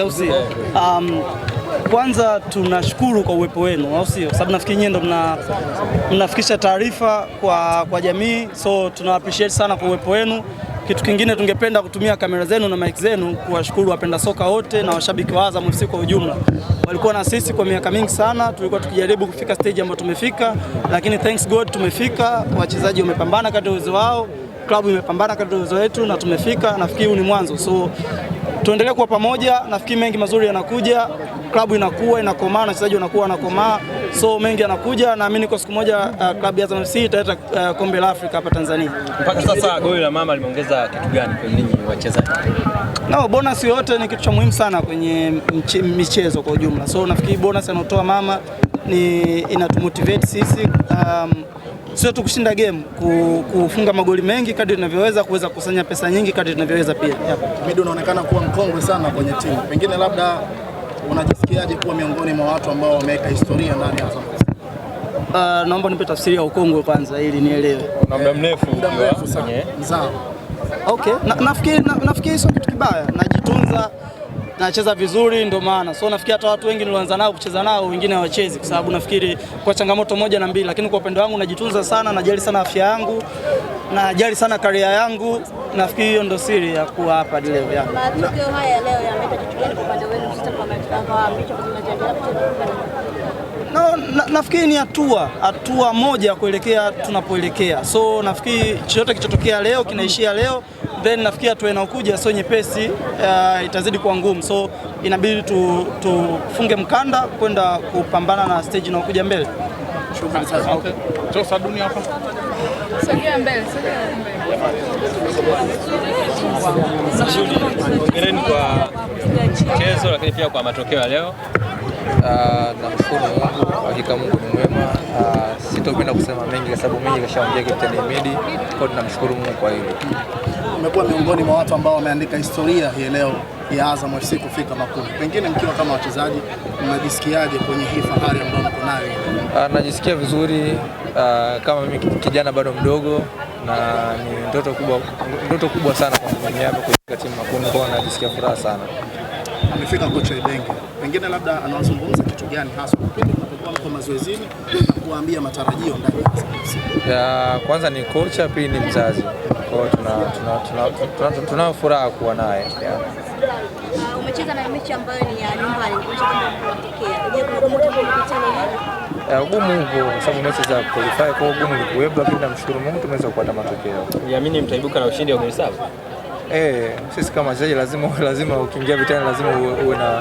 au sio? Um, kwanza tunashukuru kwa uwepo wenu, au sio? Sababu nafikiri nyinyi ndo mna, mnafikisha taarifa kwa, kwa jamii, so tuna appreciate sana kwa uwepo wenu. Kitu kingine tungependa kutumia kamera zenu na mic zenu kuwashukuru wapenda soka wote na washabiki wa Azam FC kwa ujumla. Walikuwa na sisi kwa miaka mingi sana, tulikuwa tukijaribu kufika stage ambayo tumefika, lakini thanks God tumefika. Wachezaji wamepambana kadri uwezo wao, klabu imepambana kadri uwezo wetu na tumefika. Nafikiri huu ni mwanzo so tuendelee kuwa pamoja. Nafikiri mengi mazuri yanakuja, klabu inakuwa inakomaa na wachezaji wanakuwa wanakomaa, so mengi yanakuja. Naamini kwa siku moja uh, klabu ya Azam FC italeta uh, kombe la Afrika hapa Tanzania. Mpaka sasa goli la mama limeongeza kitu gani kwa ninyi wachezaji? No, bonus yote ni kitu cha muhimu sana kwenye michezo kwa ujumla, so nafikiri bonus anaotoa mama ni inatumotivate sisi um, sio tu kushinda game, kufunga magoli mengi kadri tunavyoweza, kuweza kukusanya pesa nyingi kadri tunavyoweza pia. Mido, unaonekana kuwa mkongwe sana kwenye timu, pengine labda unajisikiaje kuwa miongoni mwa watu ambao wameweka historia ndani ya Azam? Uh, naomba nipe tafsiri ya ukongwe kwanza ili nielewe. Na muda mrefu mzao. Okay, nafikiri na, nafikiri sio kitu kibaya, najitunza nacheza vizuri, ndio maana so nafikiri hata watu wengi nilianza nao kucheza nao wengine hawachezi, kwa sababu nafikiri kwa changamoto moja na mbili, lakini kwa upendo wangu najitunza sana, najali sana afya yangu, najali sana karia yangu. Nafikiri hiyo ndio siri ya kuwa hapa leo. No, na, nafikiri ni hatua hatua moja ya kuelekea tunapoelekea, so nafikiri chochote kichotokea leo kinaishia leo then nafikia hatua inaokuja sio nyepesi, uh, itazidi kuwa ngumu, so inabidi tufunge tu mkanda kwenda kupambana na stage inaokuja mbele. hapa. mbele, mbele. Hongereni kwa mchezo lakini pia kwa matokeo ya leo. Uh, namshukuru Mungu, hakika Mungu ni mwema. Uh, Sitopenda kusema mengi kwa sababu mengi kashaongea Captain Himidi, kwa tunamshukuru Mungu kwa hilo. Umekuwa miongoni mwa watu ambao wameandika historia hii leo ya Azam FC kufika makundi. Pengine mkiwa kama wachezaji mnajisikiaje kwenye hii fahari ambayo mko nayo? Ah, najisikia vizuri. Uh, kama mimi kijana bado mdogo na ni ndoto kubwa, ndoto kubwa sana kwa mimi hapa kufika timu makundi, kwa najisikia furaha sana amefika kocha Ibenge, pengine labda anawazungumza kitu gani hasa kipindi tunapokuwa mko mazoezini na kuwaambia matarajio ndani ya kwanza ni kocha, pili ni mzazi. Kwa hiyo tuna tuna tuna, tuna, tuna tuna furaha kuwa naye. Umecheza na mechi ambayo ni ya nyumbani, ugumu huko kwa sababu mechi za qualify kwa ugumu ni kuwepo, lakini namshukuru Mungu tumeweza kupata matokeo. Niamini mtaibuka na ushindi wa goli saba. Eh, sisi kama wachezaji lazima lazima ukiingia vitani lazima uwe na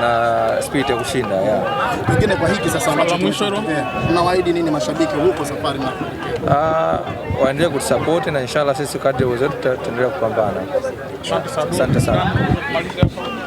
na spirit ya kushinda. Yeah. Pengine kwa hiki sasa ambacho mwisho mnawaahidi nini mashabiki huko safari na Ah, waendelee kutusupport na inshallah sisi kadri uwezo wetu tutaendelea kupambana. Asante sana. Asante sana.